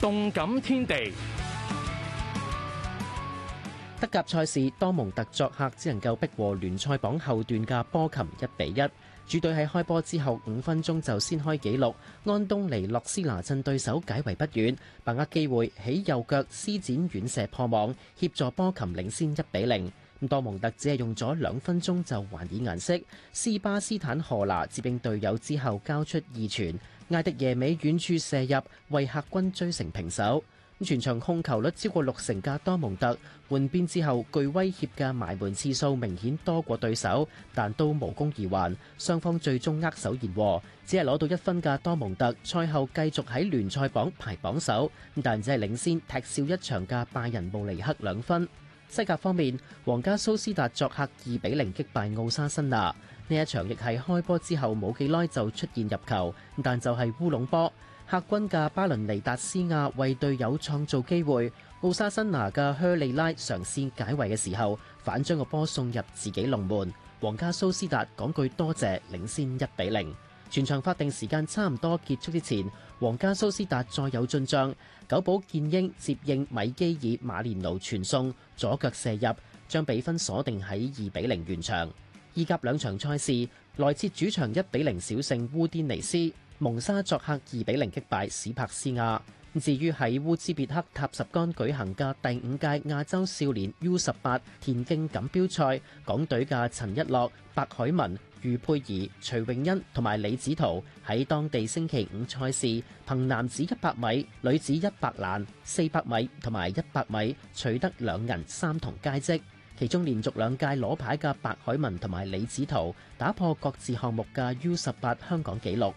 動感天地，德甲賽事多蒙特作客只能夠逼和聯賽榜後段嘅波琴一比一。主隊喺開波之後五分鐘就先開紀錄，安東尼洛斯拿趁對手解圍不遠，把握機會喺右腳施展遠射破網，協助波琴領先一比零。多蒙特只係用咗兩分鐘就還以顏色，斯巴斯坦荷拿接應隊友之後交出二傳，艾迪耶美遠處射入，為客軍追成平手。咁全場控球率超過六成嘅多蒙特換邊之後，具威脅嘅埋門次數明顯多過對手，但都無功而還。雙方最終握手言和，只係攞到一分嘅多蒙特賽後繼續喺聯賽榜排榜首，咁但只係領先踢少一場嘅拜仁慕尼黑兩分。西甲方面，皇家蘇斯達作客二比零擊敗奧沙辛拿，呢一場亦係開波之後冇幾耐就出現入球，但就係烏龍波。客軍嘅巴倫尼達斯亞為隊友創造機會，奧沙辛拿嘅靴利拉嘗試解圍嘅時候，反將個波送入自己龍門。皇家蘇斯達講句多謝，領先一比零。」全場法定時間差唔多結束之前，皇家蘇斯達再有進帳，久保建英接應米基爾馬連奴傳送左腳射入，將比分鎖定喺二比零完場。意甲兩場賽事，來斯主場一比零小勝烏甸尼斯，蒙沙作客二比零擊敗史帕斯亞。至於喺烏茲別克塔什干舉行嘅第五屆亞洲少年 U 十八田徑錦標賽，港隊嘅陳一樂、白海文、余佩儀、徐泳欣同埋李子圖喺當地星期五賽事，憑男子一百米、女子一百欄、四百米同埋一百米取得兩銀三銅佳績，其中連續兩屆攞牌嘅白海文同埋李子圖打破各自項目嘅 U 十八香港紀錄。